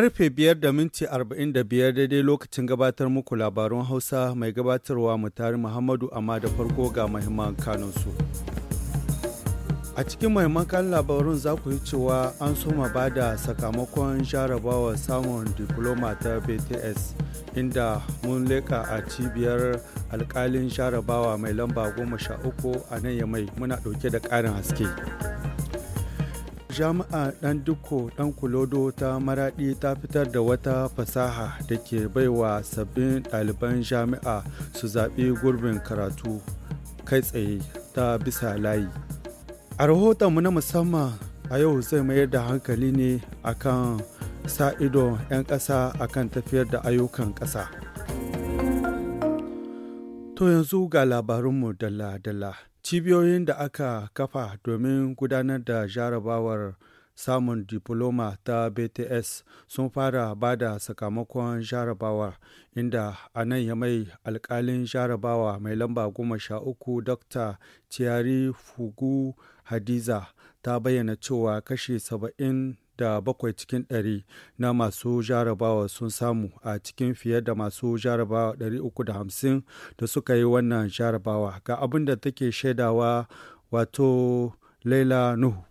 Karfe biyar da minti arba'in da daidai lokacin gabatar muku labarun Hausa mai gabatarwa mutari Muhammadu amma da farko ga mahimman kanunsu. A cikin mahimman kan labarun za ku yi cewa an soma ba da sakamakon jarabawar samun diploma ta BTS inda mun leka a cibiyar alkalin jarabawa mai lamba goma uku a nan ya mai muna dauke da ƙarin haske. jami'a dan duko dan kulodo ta maradi ta fitar da wata fasaha da ke baiwa sabbin ɗaliban jami'a su zaɓi gurbin karatu kai tsaye ta bisa layi a rahoton mu na musamman a yau zai mayar da hankali ne akan sa ido 'yan ƙasa akan tafiyar da ayyukan ƙasa to yanzu ga labarinmu dala-dala. cibiyoyin da aka kafa domin gudanar da jarabawar samun diploma ta bts sun fara ba da sakamakon jarabawa inda a nan ya mai alkalin jarabawa mai lamba goma sha uku dr thierry fugu hadiza ta bayyana cewa kashi 70. da bakwai cikin ɗari na masu jarabawa sun samu a cikin fiye da masu jarabawa ɗari uku da hamsin da suka yi wannan jarabawa ga abin da take shaidawa wato laila nuhu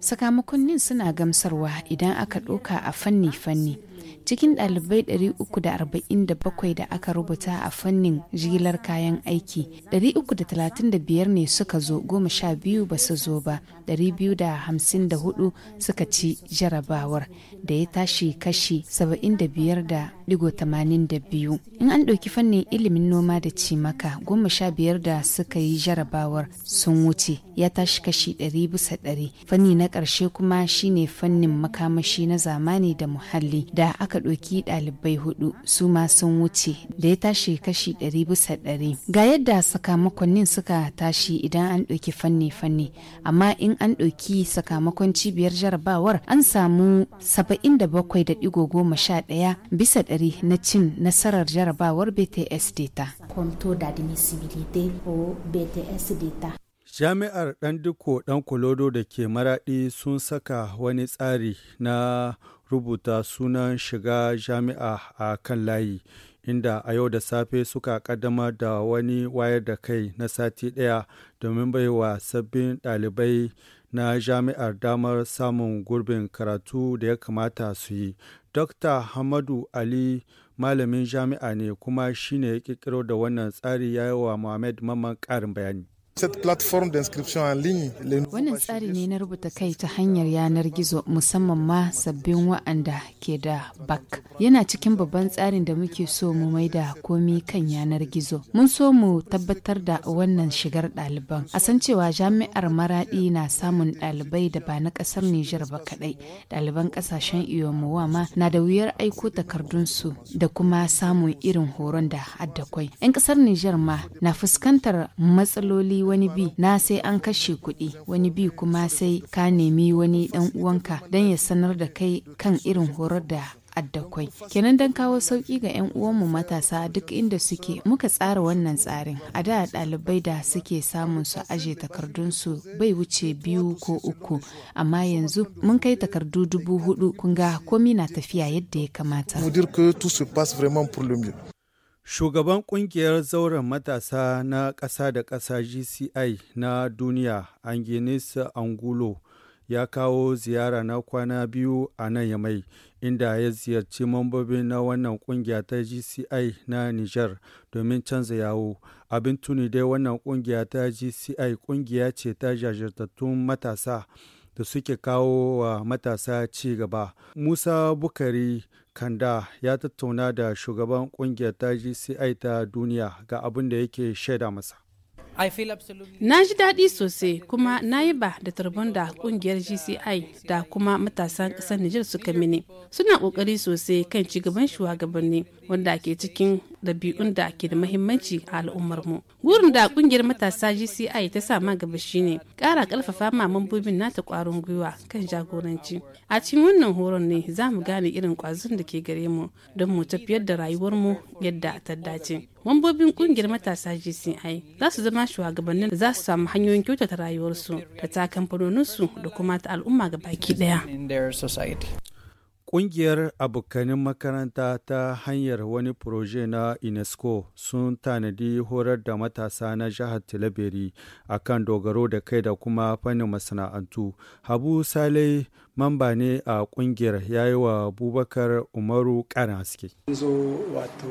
sakamakon nin suna gamsarwa idan aka ɗoka a fanni-fanni cikin ɗalibai 347 da aka rubuta a fannin jigilar kayan aiki 335 ne suka zo 12 ba su zo ba 254 suka ci jarabawar da ya tashi kashi 75.82 in an ɗauki fannin ilimin noma da cimaka goma sha biyar da suka yi jarabawar sun wuce ya tashi kashi 100 fanni na ƙarshe kuma shine fannin makamashi na zamani da muhalli da aka ɗauki ɗalibai hudu su ma sun wuce da ya tashi kashi 100 100 ga yadda sakamakonnin suka tashi idan an ɗauki fanni-fanni amma in an ɗauki sakamakon cibiyar jarabawar an samu 77.11 bisa ɗari na cin nasarar jarabawar BTS Data. Jami'ar ɗan duko ɗan kolodo da ke maraɗi sun saka wani tsari na rubuta sunan shiga jami'a a kan layi. inda a yau da safe suka kaddamar da wani wayar da kai na sati ɗaya domin baiwa sabbin ɗalibai na jami'ar damar samun gurbin karatu da ya kamata su yi. Dr. Hamadu Ali malamin jami'a ne kuma shine ya ƙirƙiro da wannan tsari ya yi wa Muhammad Mamman ƙarin bayani. set d'inscription Wannan tsari ne na rubuta kai ta hanyar yanar gizo musamman ma sabbin wa'anda ke da bak. Yana cikin babban tsarin da muke so mu mai da komi kan yanar gizo. Mun so mu tabbatar da wannan shigar ɗaliban. A san cewa jami'ar Maraɗi na samun ɗalibai da ba na ƙasar Nijar ba kaɗai. Ɗaliban ƙasashen Iyomuwa ma na da wuyar aiko takardunsu da kuma samun irin horon da addakwai. 'Yan ƙasar Nijar ma na fuskantar matsaloli wani bi na sai an kashe kuɗi wani bi kuma sai ka nemi wani ɗan uwanka don ya sanar da kai kan irin horar da addakwai kenan don kawo sauki ga 'yan uwanmu matasa duk inda suke muka tsara wannan tsarin a da ɗalibai da suke samun su aje takardunsu bai wuce biyu ko uku amma yanzu mun kai takardu dubu hudu kunga komi na tafiya yadda ya kamata Shugaban kungiyar zauren matasa na ƙasa da ƙasa GCI na duniya, Angenis Angulo, ya kawo ziyara na kwana biyu a nan yamai, inda ya ziyarci mambobi na wannan kungiya ta GCI na Nijar domin canza yawo. Abin tuni dai wannan kungiya ta GCI kungiya ce ta jajirtattun matasa. da suke kawo wa matasa ci gaba. Musa Bukari Kanda ya tattauna da shugaban kungiyar ta GCI ta duniya ga abin da yake shaida masa. Na ji daɗi sosai kuma na yi ba da tarbon da ƙungiyar GCI da kuma matasan ƙasar Nijar suka mini. Suna ƙoƙari sosai kan cigaban shugabanni wanda ke cikin ɗabi'un da ke da mahimmanci a al'ummarmu. Gurin da ƙungiyar matasa GCI ta sa ma gaba shine ƙara ƙarfafa ma mambobin nata ƙwarin gwiwa kan jagoranci. A cikin wannan horon ne za mu gane irin ƙwazon da ke gare mu don mu tafiyar da rayuwarmu yadda ta dace. Mambobin ƙungiyar matasa GCI za su zama shugabannin da za su samu hanyoyin kyautata rayuwarsu da ta kamfanoninsu da kuma ta al'umma ga baki ɗaya. Ƙungiyar abokanin makaranta ta hanyar wani proje na UNESCO sun tanadi horar da matasa na jihar Tilaberi a kan dogaro da kai da kuma fannin masana'antu. Habu sale mamba ne a ƙungiyar ya yi wa bubakar Umaru ƙana haske. zo wato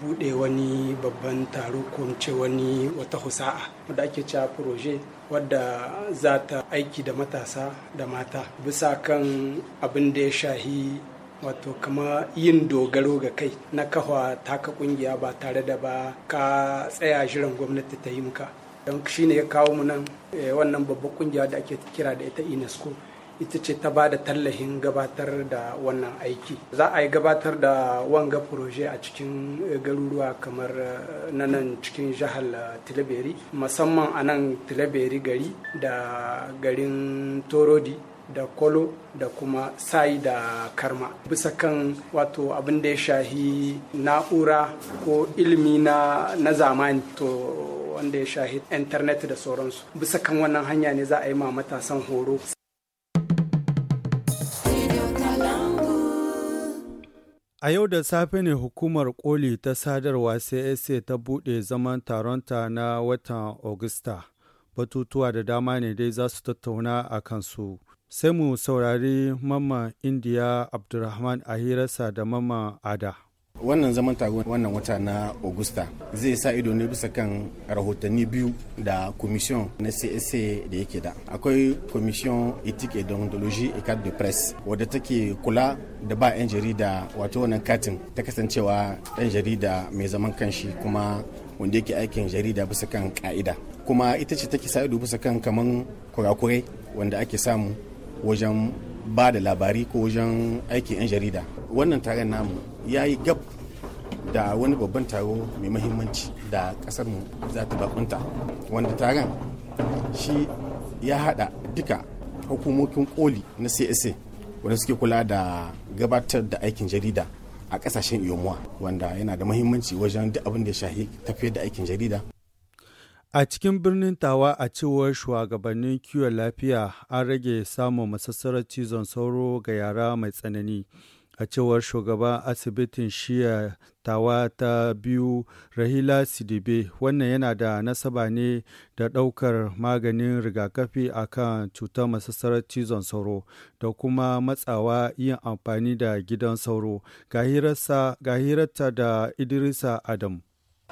buɗe wani babban taro ko wani wata husa'a da ake cewa proje wadda za ta aiki da matasa da mata bisa kan abin da ya shahi wato kama yin dogaro ga kai na kawa taka kungiya ba tare da ba ka tsaya jiran gwamnati ta yi muka don shi ne ya kawo mu nan eh, wannan babbar kungiya da ake kira da ita unesco ita ce ta ba da tallahin gabatar da wannan aiki za a yi gabatar da wanga proje a cikin garuruwa kamar eh, na nan cikin jihar eh, tilaberi musamman a nan tilaberi gari da garin torodi da kolo da kuma sai da karma bisa kan wato abin da ya shahi na'ura ko ilimi na, zamani to wanda ya shahi intanet da sauransu bisa kan wannan hanya ne za a yi ma matasan horo A yau da safe ne hukumar koli ta sadarwa CSA ta buɗe zaman taronta na watan Agusta. Batutuwa da dama ne dai za su tattauna a kansu. Sai mu saurari Mamman Indiya Abdulrahman a da Mamman Ada. wannan zaman taron wannan wata na augusta zai sa ido ne bisa kan rahotanni biyu da commission na csa da yake da akwai commission ethique et deontologie et carte de presse wadda take kula da ba 'yan jarida wato wannan katin ta kasancewa yan jarida mai zaman kanshi kuma wanda yake aikin jarida bisa kan ka'ida kuma ita ce take sa ido bisa kan kaman kurakurai wanda ake samu wajen ba da labari ko wajen aikin 'yan jarida wannan taron namu ya yi gab da wani babban taro mai mahimmanci da kasar mu za ta bakunta wanda taron shi ya hada duka hukumokin koli na csa wanda suke kula da gabatar da aikin jarida a kasashen iyomuwa wanda yana da mahimmanci wajen duk abin da ya shahi tafiyar da aikin jarida A cikin birnin Tawa a cewar shugabannin kiwon lafiya an rage samun masassarar cizon sauro ga yara mai tsanani. a cewar shugaban asibitin shiya tawa ta biyu rahila sidibe wannan yana da nasaba ne da ɗaukar maganin rigakafi a kan cutar masassarar cizon sauro da kuma matsawa yin amfani da gidan sauro ga hirarta da idrisa adam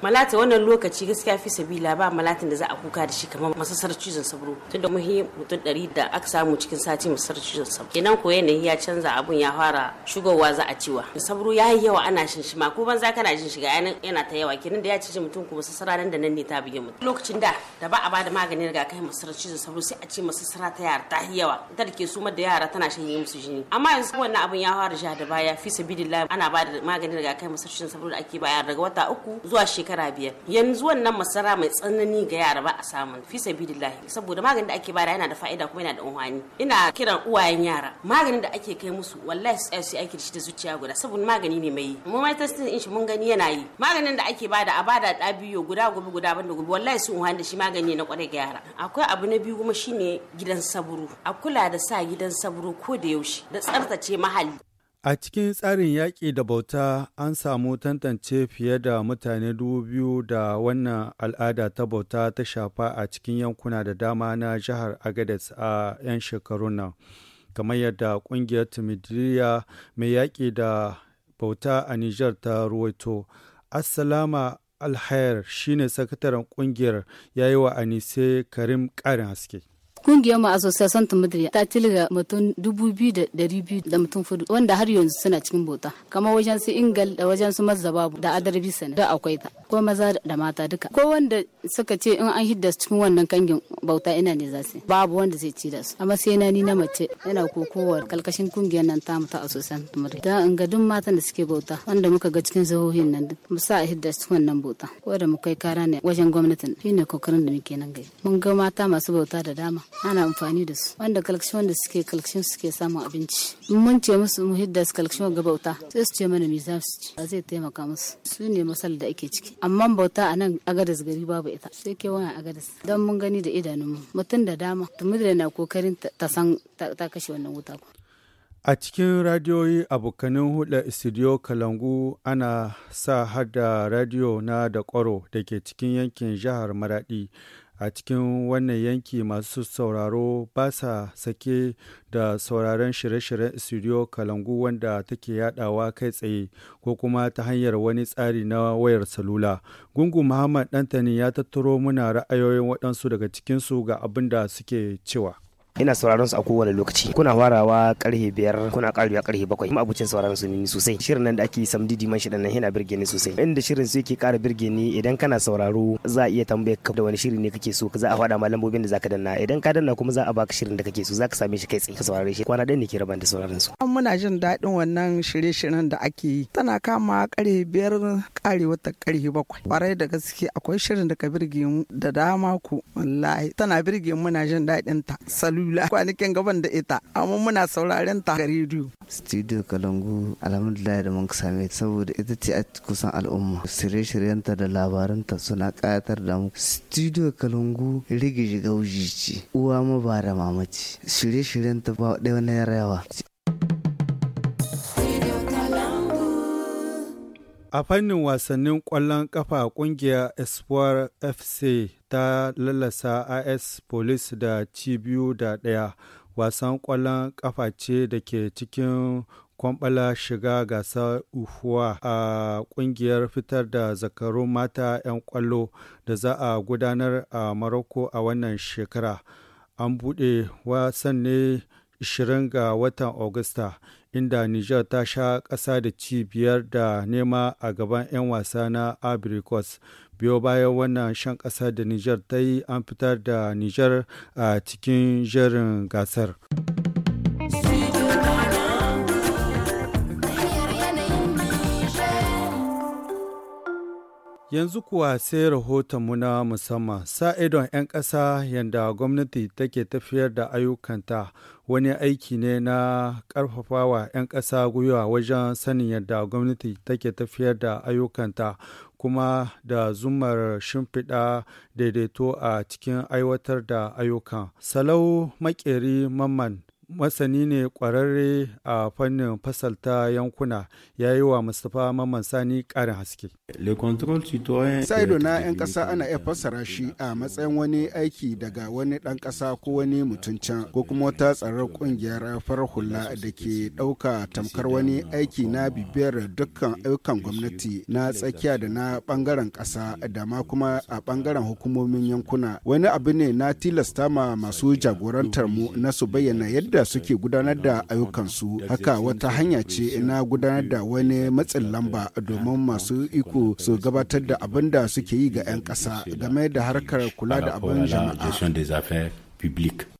malata wannan lokaci gaskiya fi sabila ba malatin da za a kuka da shi kamar masasar cizon sabro tun da muhi mutum ɗari da aka samu cikin sati masasar cizon sabro kenan ko yanayi ya canza abun ya fara shugowa za a ciwa sabro ya yi yawa ana shin ko banza kana jin shiga yana ta yawa kenan da ya ci mutum ko masasara nan da nan ne ta bige mutum lokacin da da ba a ba da maganin rigakafin masasar cizon sabro sai a ce masasara ta yara ta yi yawa ita da ke sumar da yara tana shan musu jini amma yanzu wannan abun ya fara jihar da baya fi sabilillah ana ba da maganin rigakafin masasar cizon sabro da ake bayar daga wata uku zuwa shekara shekara biyar yanzu wannan masara mai tsanani ga yara ba a samun fi sabilillahi saboda maganin da ake bada yana da fa'ida kuma yana da umhani ina kiran uwayen yara maganin da ake kai musu wallahi su tsaya su aiki da shi da zuciya guda saboda magani ne mai yi mu mai testin din shi mun gani yana yi maganin da ake bada a bada da biyo guda gobe guda banda gobe wallahi su umhani da shi magani na kwarai ga yara akwai abu na biyu kuma shine gidan saburo a kula da sa gidan saburo ko da yaushe da tsaftace mahalli A cikin tsarin yaƙi da bauta an samu tantance fiye da mutane dubu biyu da wannan al'ada ta bauta ta shafa a cikin yankuna da dama na jihar Agadez a 'yan shekarun nan. Kamar yadda ƙungiyar Timidiriya mai yaƙi da bauta a Nijar ta ruwaito. Assalama Alhayar shine sakataren ƙungiyar ya yi wa Anise Karim ƙarin haske. kungiyar mu association tumadiri ta tilga mutum dubu biyu da dari biyu da mutum fudu wanda har yanzu suna cikin bota kamar wajen su ingal da wajen su mazzababu da adar bisa da akwai ta ko maza da mata duka ko wanda suka ce in an hidda cikin wannan kangin bauta ina ne za su babu wanda zai ci da su amma sai na ni na mace yana kokowa kalkashin kungiyar nan ta ta association tumadiri da in ga duk matan da suke bauta wanda muka ga cikin zahohin nan mu sa a hidda cikin wannan bauta ko da mu kai kara ne wajen gwamnatin shine kokarin da muke nan gai mun ga mata masu bauta da dama ana amfani da su wanda collection da suke collection suke samun abinci mun ce musu mu hidda su collection ga bauta sai su ce mana me za su ci zai taimaka musu su ne masal da ake ciki amma bauta a nan agadas gari babu ita sai ke wani agadas don mun gani da idanunmu mutum da dama tumida na kokarin ta san ta kashe wannan wuta A cikin radiyoyi abokanin hudu studio Kalangu ana sa hada radiyo na da kwaro da ke cikin yankin jihar Maraɗi. a cikin wannan yanki masu sauraro ba sa sake da sauraron shirye-shiryen studio kalangu wanda take yadawa kai tsaye ko kuma ta hanyar wani tsari na wayar salula gungu muhammad dantani ya tattaro muna ra'ayoyin waɗansu daga cikinsu ga abin da suke cewa ina sauraron su a kowane lokaci kuna warawa karhe biyar kuna karewa karhe bakwai kuma abucin sauraron su ne sosai shirin nan da ake didi man shi nan yana birge ni sosai inda shirin su yake kara birge ni idan kana sauraro za a iya tambayar ka da wani shiri ne kake so za a faɗa ma lambobin da zaka danna idan ka danna kuma za a baka shirin da kake so zaka same shi kai tsaye ka saurare shi kwana ɗaya ne ke raban da sauraron su muna jin daɗin wannan shirye-shiryen da ake yi tana kama karhe biyar karewa ta karhe bakwai kwarai da gaske akwai shirin da ka birge mu da dama ku wallahi tana birge muna jin daɗin ta salu salula kwanakin gaban da ita amma muna sauraren ta rediyo studio kalangu alhamdulillah da mun same saboda ita ce a kusan al'umma shirye-shiryenta da labaranta suna ƙayatar da mu studio kalangu. rigi gauji ce uwa ma ba da mamaci shirye-shiryenta ba ɗaya wani yarawa. A fannin wasannin ƙwallon ƙafa ƙungiyar Espoir FC ta lalasa IS Police da ci biyu da ɗaya. Wasan ƙwallon ƙafa ce da ke cikin kwamɓala shiga gasar ufuwa a ƙungiyar fitar da zakarun mata 'yan ƙwallo da za a gudanar a Morocco a wannan shekara. An buɗe wasan ne 20 ga watan Agusta, inda niger ta sha ƙasa da ci biyar da nema a gaban 'yan wasa na Abricos. Biyo bayan wannan shan ƙasa da niger ta yi an fitar da niger a cikin jerin gasar. Yanzu kuwa sai rahoton mu na musamman sa-idon 'yan ƙasa yadda gwamnati take tafiyar da ayyukanta wani aiki ne na ƙarfafawa 'yan ƙasa gwiwa wajen sanin yadda gwamnati take tafiyar da ayyukanta kuma da zumar shimfiɗa daidaito a cikin aiwatar da ayyukan. Salau Makeri Mamman masani ne kwararre a fannin fasalta yankuna ya yi wa mustapha mamman sani karin haske sa'ido na 'yan kasa ana iya fasara shi a matsayin wani aiki daga wani ɗan ƙasa ko wani mutum can ko kuma wata tsarar ƙungiyar farar hula da ke ɗauka tamkar wani aiki na bibiyar dukkan ayyukan gwamnati na tsakiya da na ɓangaren ƙasa da ma kuma a ɓangaren hukumomin yankuna wani abu ne na tilasta ma masu jagorantar mu na su bayyana yadda da suke gudanar da ayyukansu haka wata hanya ce na gudanar da wani matsin lamba domin masu iko su gabatar da abin da suke yi ga 'yan ƙasa game da harkar kula da abin jama'a.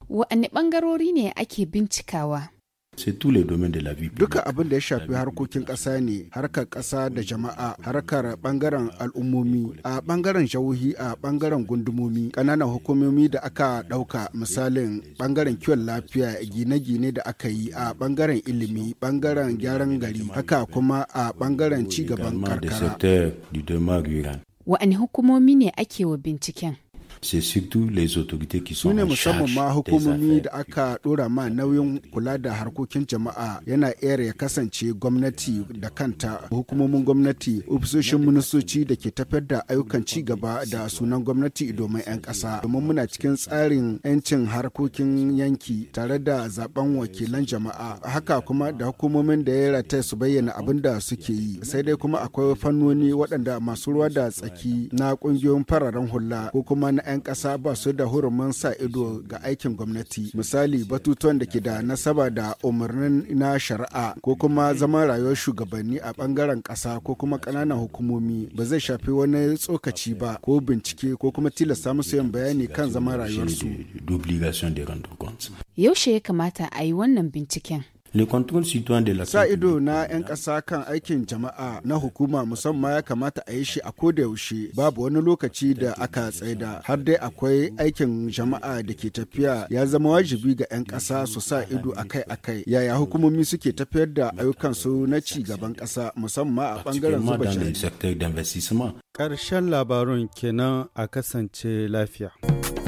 Waɗanne ɓangarori ne ake bincikawa? sai tule domin da labi duka abin da ya shafi harkokin ƙasa ne harkar ƙasa da jama'a harkar bangaren al'ummomi a bangaren jauhi a bangaren gundumomi ƙananan hukumomi da aka ɗauka misalin bangaren kiwon lafiya gine-gine da aka yi a bangaren ilimi bangaren gyaran gari haka kuma a bangaren cigaban karkara wa'ani hukumomi ne ake wa binciken c'est autorités qui sont ne musamman ma hukumomi da aka dora ma nauyin kula da harkokin jama'a yana ere ya kasance gwamnati da kanta hukumomin gwamnati ofisoshin ministoci da ke tafiyar da ayyukan ci gaba da sunan gwamnati domin 'yan ƙasa domin muna cikin tsarin 'yancin harkokin yanki tare da zaben wakilan jama'a haka kuma da hukumomin da ya rata su bayyana abin da suke yi sai dai kuma akwai fannoni waɗanda masu ruwa da tsaki na ƙungiyoyin fararen hula ko kuma na 'yan ƙasa ba su da hurumin sa ido ga aikin gwamnati misali batutuwan da ke da nasaba da umarnin na shari'a ko kuma zaman rayuwar shugabanni a bangaren ƙasa ko kuma ƙananan hukumomi ba zai shafi wani tsokaci ba ko bincike ko kuma tilasta musu yin bayani kan zaman rayuwarsu. Yaushe ya kamata a yi wannan binciken? Sa ido na 'yan ƙasa kan aikin jama'a na hukuma musamman ya kamata a yi shi a yaushe babu wani lokaci da aka tsaida har dai akwai aikin jama'a da ke tafiya ya zama wajibi ga 'yan ƙasa su sa ido akai-akai yaya hukumomi suke tafiyar da ayyukan su na ci gaban ƙasa musamman a bangaren zuba Ƙarshen labarun kenan a kasance lafiya.